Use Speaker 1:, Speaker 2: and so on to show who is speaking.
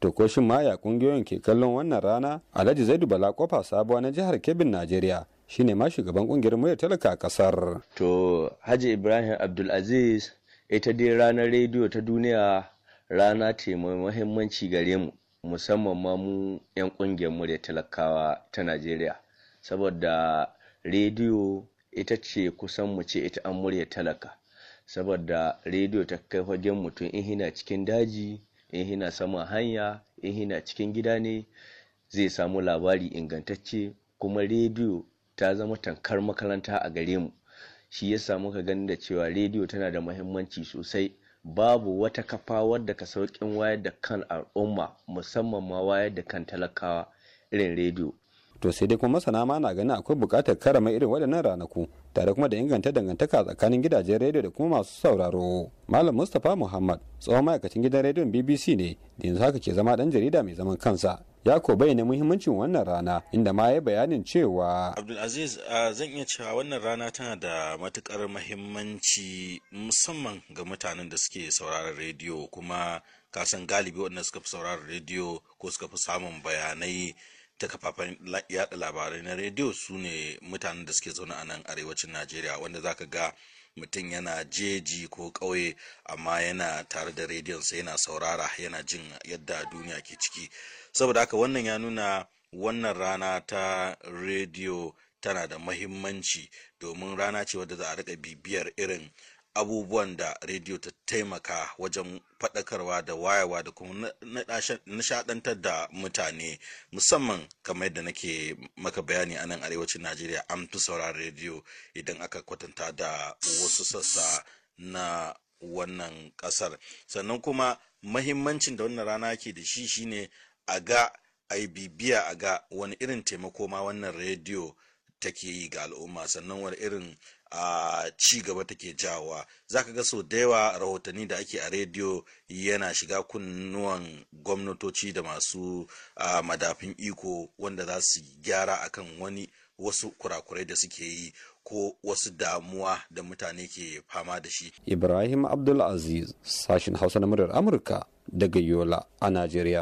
Speaker 1: to ko shin ma kungiyoyin ke kallon wannan rana alhaji zaidu bala kofa sabuwa na jihar kebin
Speaker 2: najeriya shine ma shugaban kungiyar muryar talaka a kasar to haji ibrahim abdulaziz ita dai ranar rediyo ta duniya rana ce mai muhimmanci gare mu musamman ma mu 'yan kungiyar murya talakawa ta najeriya saboda rediyo ita ce kusan mu ce ita an murya talaka saboda rediyo ta kai fagen mutum in hina cikin daji in hina saman hanya in hina cikin gida ne zai samu labari ingantacce kuma rediyo ta zama tankar makaranta a gare mu shi ya samu ka ganin da cewa rediyo tana da mahimmanci sosai babu wata kafa wadda ka sauƙin wayar da kan al'umma musamman ma wayar da kan talakawa irin rediyo to sai dai kuma masana ma na
Speaker 1: ganin akwai bukatar karama irin waɗannan ranaku tare kuma da inganta dangantaka tsakanin gidajen rediyo da kuma masu sauraro malam mustapha muhammad tsohon ma'aikacin gidan rediyon bbc ne da yanzu haka ke zama dan jarida mai zaman kansa ya ko bayyana muhimmancin wannan rana inda ma ya bayanin cewa
Speaker 3: abdulaziz zan iya cewa wannan rana tana da matukar muhimmanci musamman ga mutanen da suke sauraron rediyo kuma kasan galibi waɗanda suka fi sauraron rediyo ko suka fi samun bayanai ta kafafen yada labarai na rediyo su ne mutanen da suke zaune a nan arewacin najeriya wanda zaka ga mutum yana jeji ko kauye amma yana tare da rediyon rediyonsa yana saurara yana jin yadda duniya ke ciki saboda haka wannan ya nuna wannan rana ta rediyo tana da mahimmanci domin rana ce wadda za a rika bibiyar irin abubuwan da rediyo ta taimaka wajen faɗakarwa da wayawa da kuma nishaɗantar da mutane musamman kamar yadda nake maka bayani a nan arewacin najeriya an fi sauraron rediyo idan aka kwatanta da wasu sassa na wannan ƙasar sannan kuma mahimmancin da wannan rana ke da shi shine a ga a bibiya a ga wani irin taimako ma wannan rediyo take yi ga al'umma sannan wani irin a ci gaba take jawowa za ka ga sau da yawa rahotanni da ake a rediyo yana shiga kunnuwan gwamnatoci da masu madafin iko wanda za su gyara akan wani wasu kurakurai da suke yi ko wasu damuwa da mutane ke fama da shi.
Speaker 2: Ibrahim Abdulaziz, sashin Hausa na muryar Amurka daga Yola a Najeriya.